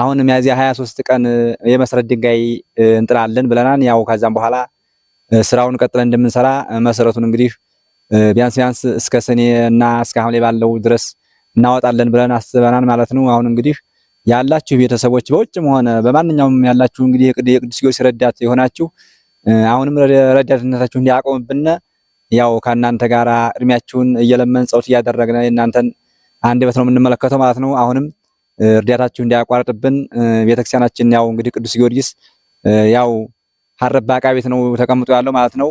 አሁንም ያዚያ 23 ቀን የመሰረት ድንጋይ እንጥላለን ብለናን ያው ከዛም በኋላ ስራውን ቀጥለን እንደምንሰራ መሰረቱን እንግዲህ ቢያንስ ቢያንስ እስከ ሰኔ እና እስከ ሐምሌ ባለው ድረስ እናወጣለን ብለን አስበናን ማለት ነው። አሁን እንግዲህ ያላችሁ ቤተሰቦች በውጭም ሆነ በማንኛውም ያላችሁ እንግዲህ የቅዱስ ጊዮርጊስ ረዳት የሆናችሁ አሁንም ረዳትነታችሁ እንዲያቆምብን ያው ከእናንተ ጋራ እድሜያችሁን እየለመን ጸሎት እያደረግን እናንተን አንድ በት ነው የምንመለከተው ማለት ነው። አሁንም እርዳታችሁ እንዳያቋርጥብን። ቤተክርስቲያናችን ያው እንግዲህ ቅዱስ ጊዮርጊስ ያው ሀረብ በአቃ ቤት ነው ተቀምጦ ያለው ማለት ነው።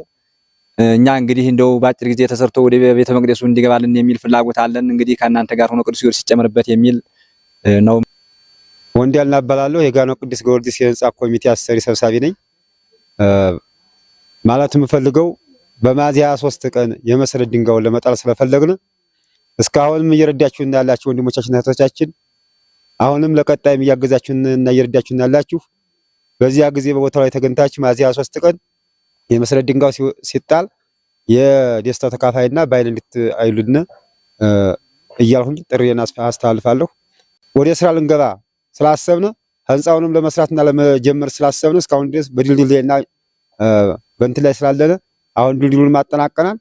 እኛ እንግዲህ እንደው በአጭር ጊዜ ተሰርቶ ወደ ቤተ መቅደሱ እንዲገባልን የሚል ፍላጎት አለን። እንግዲህ ከእናንተ ጋር ሆኖ ቅዱስ ጊዮርጊስ ሲጨምርበት የሚል ነው። ወንድ ያልናበላለሁ የጋኖ ቅዱስ ጊዮርጊስ የህንጻ ኮሚቴ አሰሪ ሰብሳቢ ነኝ። ማለት የምፈልገው በሚያዝያ 23 ቀን የመሰረት ድንጋዩን ለመጣል ስለፈለግን እስካሁንም እየረዳችሁ እንዳላችሁ ወንድሞቻችን እህቶቻችን አሁንም ለቀጣይም እያገዛችሁን እና እየረዳችሁን ያላችሁ በዚያ ጊዜ በቦታው ላይ ተገኝታችሁ ሚያዝያ ሶስት ቀን የመሰረት ድንጋው ሲጣል የደስታው ተካፋይና በኃይል እንድትአይሉን እያልሁኝ ጥሪዬን አስተላልፋለሁ። ወደ ስራ ልንገባ ስላሰብነ ህንፃውንም ለመስራትና ለመጀመር ስላሰብነ እስካሁን ድረስ በድልድል ላይና በእንትን ላይ ስላለነ አሁን ድልድሉን ማጠናቀናል።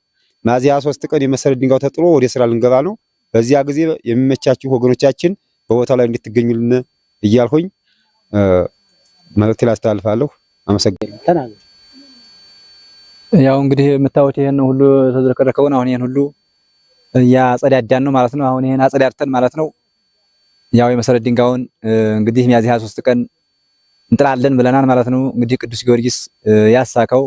ሚያዝያ ሶስት ቀን የመሰረት ድንጋው ተጥሎ ወደ ስራ ልንገባ ነው። በዚያ ጊዜ የሚመቻችሁ ወገኖቻችን በቦታ ላይ እንድትገኙልን እያልሁኝ መልእክቴን ላስተላልፋለሁ። አመሰግናለሁ። ያው እንግዲህ የምታዩት ይሄን ሁሉ ተዝረከረከውን አሁን ይሄን ሁሉ እያጸዳዳን ነው ማለት ነው። አሁን ይሄን አጸዳድተን ማለት ነው ያው የመሰረት ድንጋዩን እንግዲህ ሚያዝያ 23 ቀን እንጥላለን ብለናል ማለት ነው። እንግዲህ ቅዱስ ጊዮርጊስ ያሳካው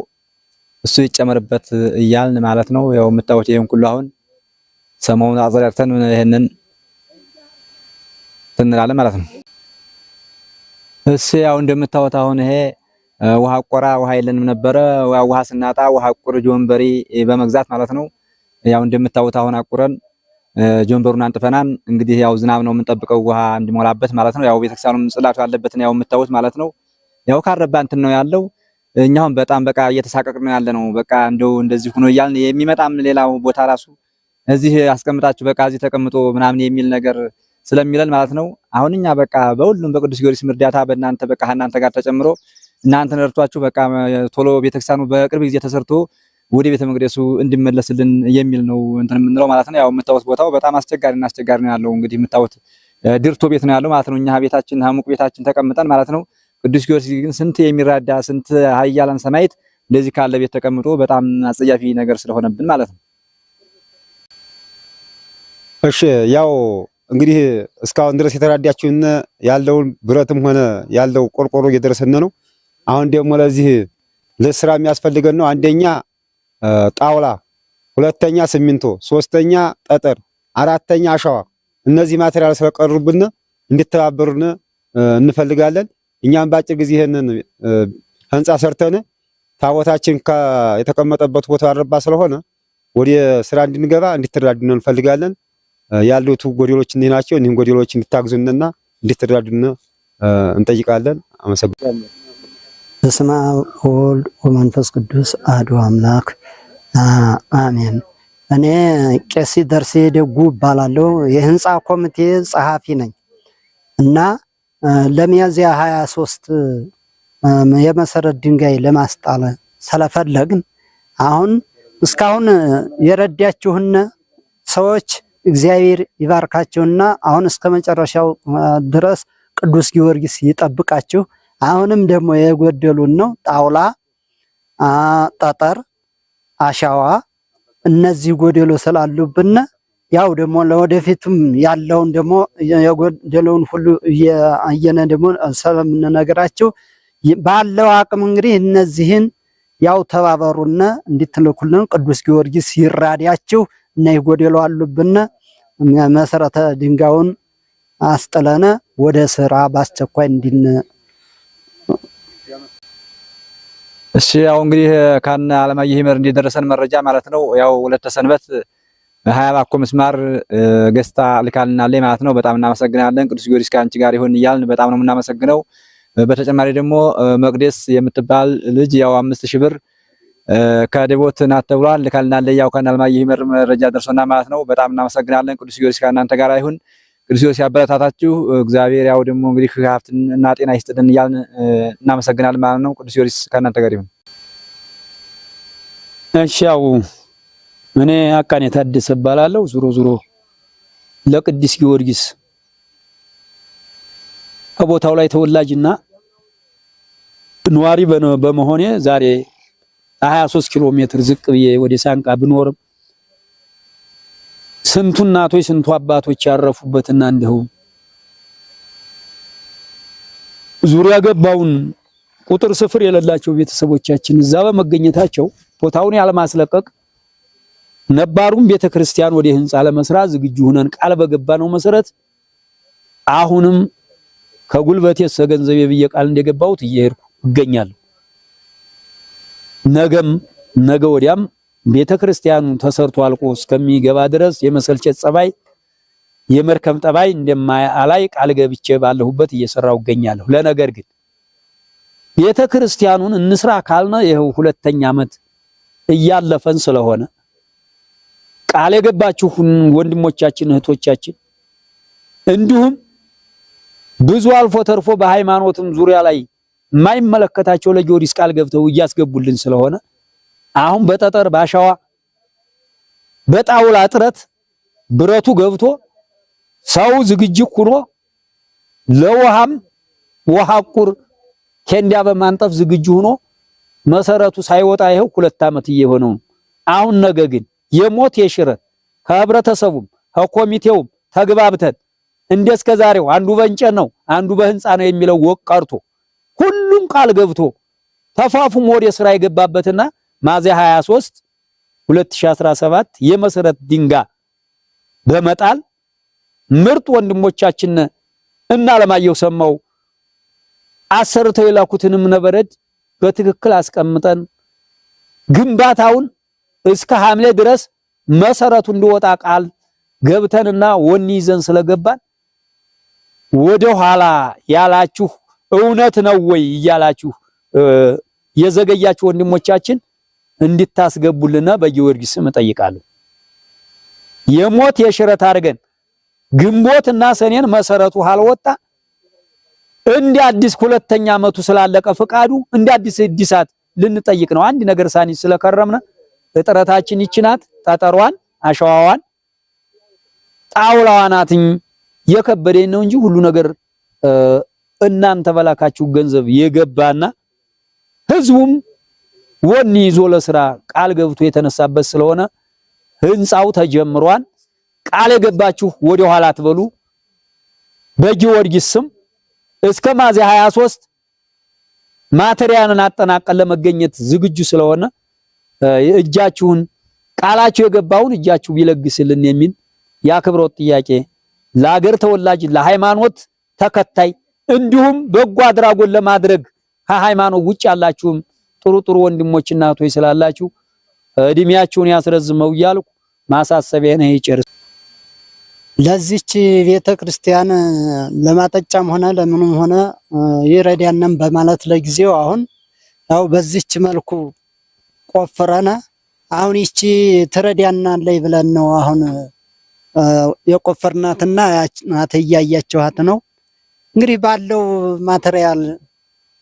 እሱ ይጨመርበት እያልን ማለት ነው። ያው የምታዩት ይሄን ሁሉ አሁን ሰሞኑን አጸዳድተን ይሄንን እንላለን ማለት ነው። እሺ ያው እንደምታዩት አሁን ይሄ ውሃ ቆራ ውሃ የለንም ነበረ። ውሃ ስናጣ ውሃ ቁር ጆንበሪ በመግዛት ማለት ነው። ያው እንደምታዩት አሁን አቁረን ጆንበሩን አንጥፈናን እንግዲህ ያው ዝናብ ነው የምንጠብቀው ውሃ እንዲሞላበት ማለት ነው። ያው ቤተክርስቲያኑም ጽላቱ ያለበት ያው የምታዩት ማለት ነው። ያው ካረባ እንትን ነው ያለው። እኛውም በጣም በቃ እየተሳቀቅን ያለ ነው። በቃ እንደው እንደዚህ ሆኖ እያልን የሚመጣም ሌላው ቦታ ራሱ እዚህ አስቀምጣችሁ በቃ እዚህ ተቀምጦ ምናምን የሚል ነገር ስለሚለን ማለት ነው። አሁን እኛ በቃ በሁሉም በቅዱስ ጊዮርጊስ እርዳታ በእናንተ በቃ እናንተ ጋር ተጨምሮ እናንተን ረድቷችሁ በቃ ቶሎ ቤተክርስቲያኑ በቅርብ ጊዜ ተሰርቶ ወደ ቤተ መቅደሱ እንዲመለስልን የሚል ነው እንትን የምንለው ማለት ነው። ያው የምታወት ቦታው በጣም አስቸጋሪ እና አስቸጋሪ ነው ያለው እንግዲህ የምታወት ድርቶ ቤት ነው ያለው ማለት ነው። እኛ ቤታችን ሀሙቅ ቤታችን ተቀምጠን ማለት ነው። ቅዱስ ጊዮርጊስ ግን ስንት የሚራዳ ስንት ኃያላን ሰማዕት እንደዚህ ካለ ቤት ተቀምጦ በጣም አጸያፊ ነገር ስለሆነብን ማለት ነው። እሺ ያው እንግዲህ እስካሁን ድረስ የተራዳችሁን ያለውን ብረትም ሆነ ያለው ቆርቆሮ እየደረሰን ነው። አሁን ደግሞ ለዚህ ለስራ የሚያስፈልገን ነው አንደኛ ጣውላ፣ ሁለተኛ ሲሚንቶ፣ ሶስተኛ ጠጠር፣ አራተኛ አሸዋ። እነዚህ ማቴሪያል ስለቀሩብን እንድተባበሩን እንፈልጋለን። እኛም በአጭር ጊዜ ይሄንን ህንጻ ሰርተን ታቦታችን የተቀመጠበት ቦታ አረባ ስለሆነ ወደ ስራ እንድንገባ እንድትረዱን እንፈልጋለን። ያሉት ጎዴሎች እንዲህ ናቸው። እኒህም ጎዴሎች እንድታግዙንና እንድትረዱን እንጠይቃለን። አመሰግናለሁ። በስመ አብ ወወልድ ወመንፈስ ቅዱስ አሐዱ አምላክ አሜን። እኔ ቄሲ ደርሴ ደጉ እባላለሁ። የህንፃ ኮሚቴ ጸሐፊ ነኝ እና ለሚያዝያ 23 የመሰረት ድንጋይ ለማስጣል ስለፈለግን አሁን እስካሁን የረዳችሁን ሰዎች እግዚአብሔር ይባርካቸውና አሁን እስከ መጨረሻው ድረስ ቅዱስ ጊዮርጊስ ይጠብቃችሁ። አሁንም ደግሞ የጎደሉን ነው ጣውላ፣ ጠጠር፣ አሻዋ እነዚህ ጎደሎ ስላሉብን ያው ደግሞ ለወደፊቱም ያለውን ደግሞ የጎደለውን ሁሉ እያየነ ደግሞ ስለምንነግራችሁ ባለው አቅም እንግዲህ እነዚህን ያው ተባበሩና እንድትልኩልን ቅዱስ ጊዮርጊስ ይራዳችሁ። እና የጎደሉ አሉብን። መሰረተ ድንጋዩን አስጥለነ ወደ ስራ በአስቸኳይ እንዲን እሺ ያው እንግዲህ ካን አለማየሁ ይመር እንዲደረሰን መረጃ ማለት ነው። ያው ሁለተ ሰንበት ሀያ ባኮ ምስማር ገዝታ ልካልናለች ማለት ነው። በጣም እናመሰግናለን። ቅዱስ ጊዮርጊስ ከአንቺ ጋር ይሁን እያልን በጣም ነው የምናመሰግነው። በተጨማሪ ደግሞ መቅደስ የምትባል ልጅ ያው አምስት ሺህ ብር ከደቦት ናት ተብሏል። ካልና ለያው ካናል ማየ ይመር መረጃ ደርሶና ማለት ነው። በጣም እናመሰግናለን። ቅዱስ ጊዮርጊስ ከእናንተ ጋር ይሁን። ቅዱስ ጊዮርጊስ ያበረታታችሁ እግዚአብሔር ያው ደግሞ እንግዲህ ሀብትን እና ጤና ይስጥልን እያልን እናመሰግናለን ማለት ነው። ቅዱስ ጊዮርጊስ ከእናንተ ጋር ይሁን። እሺ ያው እኔ አቃኔ ታደሰ እባላለሁ። ዙሮ ዙሮ ለቅዱስ ጊዮርጊስ ከቦታው ላይ ተወላጅና ነዋሪ በመሆኔ ዛሬ 23 ኪሎ ሜትር ዝቅ ብዬ ወደ ሳንቃ ብኖርም ስንቱ እናቶች ስንቱ አባቶች ያረፉበትና እንዲሁ ዙሪያ ገባውን ቁጥር ስፍር የሌላቸው ቤተሰቦቻችን እዛ በመገኘታቸው ቦታውን ያለማስለቀቅ ነባሩን ቤተክርስቲያን ወደ ህንፃ ለመስራት ዝግጁ ሆነን ቃል በገባ ነው መሰረት አሁንም ከጉልበቴ እስከ ገንዘቤ ብዬ ቃል እንደገባሁት እየሄድኩ እገኛለሁ። ነገም ነገ ወዲያም ቤተ ክርስቲያኑ ተሰርቶ አልቆ እስከሚገባ ድረስ የመሰልቸት ጸባይ፣ የመርከም ጠባይ እንደማያላይ ቃል ገብቼ ባለሁበት እየሰራው እገኛለሁ። ለነገር ግን ቤተ ክርስቲያኑን እንስራ ካልነ ይኸው ሁለተኛ ዓመት እያለፈን ስለሆነ ቃል የገባችሁን ወንድሞቻችን እህቶቻችን፣ እንዲሁም ብዙ አልፎ ተርፎ በሃይማኖትም ዙሪያ ላይ የማይመለከታቸው ለጊዮርጊስ ቃል ገብተው እያስገቡልን ስለሆነ አሁን በጠጠር ባሸዋ በጣውላ ጥረት ብረቱ ገብቶ ሰው ዝግጅ ሆኖ ለውሃም ውሃ ቁር ኬንዳ በማንጠፍ ዝግጁ ሆኖ መሰረቱ ሳይወጣ ይኸው ሁለት ዓመት እየሆነው ነው። አሁን ነገ ግን የሞት የሽረት ከህብረተሰቡም ከኮሚቴውም ተግባብተን እንደ እስከ ዛሬው አንዱ በእንጨት ነው፣ አንዱ በህንፃ ነው የሚለው ወቅ ቀርቶ ሁሉም ቃል ገብቶ ተፋፉም ወደ ስራ የገባበትና ሚያዝያ 23 2017 የመሰረት ድንጋይ በመጣል ምርጥ ወንድሞቻችን እና አለማየሁ ሰማው አሰርተው የላኩትን ነበረድ በትክክል አስቀምጠን ግንባታውን እስከ ሐምሌ ድረስ መሰረቱ እንዲወጣ ቃል ገብተንና ወኒ ይዘን ስለገባን ወደ ኋላ ያላችሁ እውነት ነው ወይ እያላችሁ የዘገያችሁ ወንድሞቻችን እንድታስገቡልና በጊዮርጊስ ስም እጠይቃለሁ። የሞት የሽረት አድርገን ግንቦትና ሰኔን መሰረቱ አልወጣ እንደ አዲስ ሁለተኛ ዓመቱ ስላለቀ ፍቃዱ እንዲ አዲስ እድሳት ልንጠይቅ ነው። አንድ ነገር ሳኒ ስለከረምነ እጥረታችን ይችናት ጠጠሯን አሸዋዋን ጣውላዋ ናትኝ የከበደኝ ነው እንጂ ሁሉ ነገር እናንተ በላካችሁ ገንዘብ የገባና ህዝቡም ወኒ ይዞ ለስራ ቃል ገብቶ የተነሳበት ስለሆነ ህንፃው ተጀምሯል። ቃል የገባችሁ ወደ ኋላ አትበሉ። በጊዮርጊስ ስም እስከ ሚያዝያ 23 ማቴሪያልን አጠናቀን ለመገኘት ዝግጁ ስለሆነ እጃችሁን ቃላችሁ የገባውን እጃችሁ ቢለግስልን የሚል የአክብሮት ጥያቄ ለአገር ተወላጅ ለሃይማኖት ተከታይ እንዲሁም በጎ አድራጎት ለማድረግ ከሃይማኖት ውጭ ያላችሁም ጥሩ ጥሩ ወንድሞችና እህቶች ስላላችሁ እድሜያችሁን ያስረዝመው እያልኩ ማሳሰቢያ ነው ይጨርስ። ለዚች ቤተ ክርስቲያን ለማጠጫም ሆነ ለምንም ሆነ ይረዳንም በማለት ለጊዜው አሁን ያው በዚች መልኩ ቆፍረነ አሁን ይቺ ትረዳና ላይ ብለን ነው አሁን የቆፈርናትና ናት እያያችኋት ነው። እንግዲህ ባለው ማቴሪያል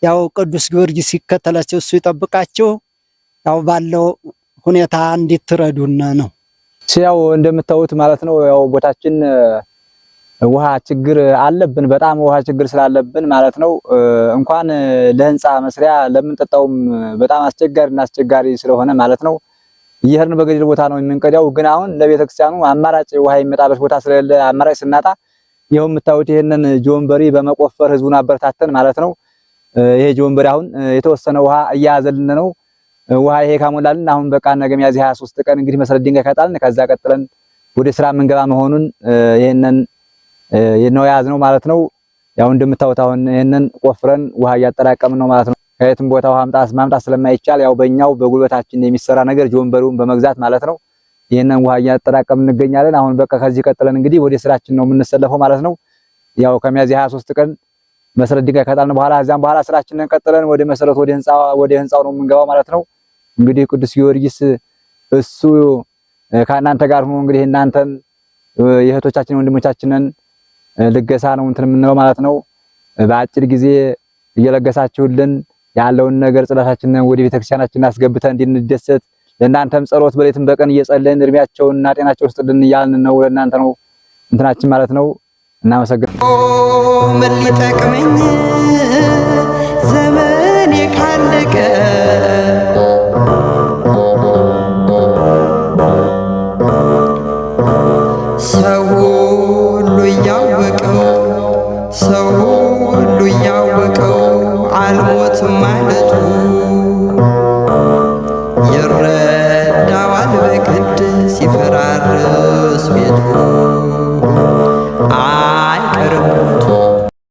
ያው ቅዱስ ጊዮርጊስ ይከተላቸው እሱ ይጠብቃቸው። ያው ባለው ሁኔታ እንዲትረዱን ነው። ያው እንደምታዩት ማለት ነው ያው ቦታችን ውሃ ችግር አለብን። በጣም ውሃ ችግር ስላለብን ማለት ነው እንኳን ለህንፃ መስሪያ ለምንጠጣውም በጣም አስቸጋሪ እና አስቸጋሪ ስለሆነ ማለት ነው እየሄድን በገደል ቦታ ነው የምንቀዳው። ግን አሁን ለቤተክርስቲያኑ አማራጭ ውሃ የሚመጣበት ቦታ ስለሌለ አማራጭ ስናጣ ይኸው የምታዩት ይሄንን ጆንበሪ በመቆፈር ህዝቡን አበረታተን ማለት ነው። ይሄ ጆንበሪ አሁን የተወሰነ ውሃ እያያዘልን ነው። ውሃ ይሄ ካሞላልን አሁን በቃ ነገ ሚያዝያ 23 ቀን እንግዲህ መሰረት ድንጋይ ከጣልን ከዛ ቀጥለን ወደ ስራ የምንገባ መሆኑን ይሄንን ነው የያዝነው ማለት ነው። ያው እንደምታዩት አሁን ይሄንን ቆፍረን ውሃ እያጠራቀምን ነው ማለት ነው። ከየትም ቦታ ውሃ ማምጣት ስለማይቻል ያው በእኛው በጉልበታችን የሚሰራ ነገር ጆንበሪውን በመግዛት ማለት ነው ይህንን ውሃ እያጠራቀም እንገኛለን። አሁን በቃ ከዚህ ቀጥለን እንግዲህ ወደ ስራችን ነው የምንሰለፈው ማለት ነው። ያው ከሚያዝያ 23 ቀን መሰረት ድንጋይ ከጣልን በኋላ እዚያም በኋላ ስራችንን ቀጥለን ወደ መሰረት ወደ ህንጻ ወደ ህንፃው ነው የምንገባው ማለት ነው። እንግዲህ ቅዱስ ጊዮርጊስ እሱ ከእናንተ ጋር ሆኖ እንግዲህ እናንተን የእህቶቻችን ወንድሞቻችንን ልገሳ ነው እንትን የምንለው ማለት ነው። በአጭር ጊዜ እየለገሳችሁልን ያለውን ነገር ጽላታችንን ወደ ቤተክርስቲያናችን አስገብተን እንድንደሰት ለእናንተም ጸሎት በሌትም በቀን እየጸለይን እና ጤናቸው ውስጥ ድን እያልን ነው። ለእናንተ ነው እንትናችን ማለት ነው። እናመሰግናለን። ምን ሊጠቅመኝ ዘመኔ ካለቀ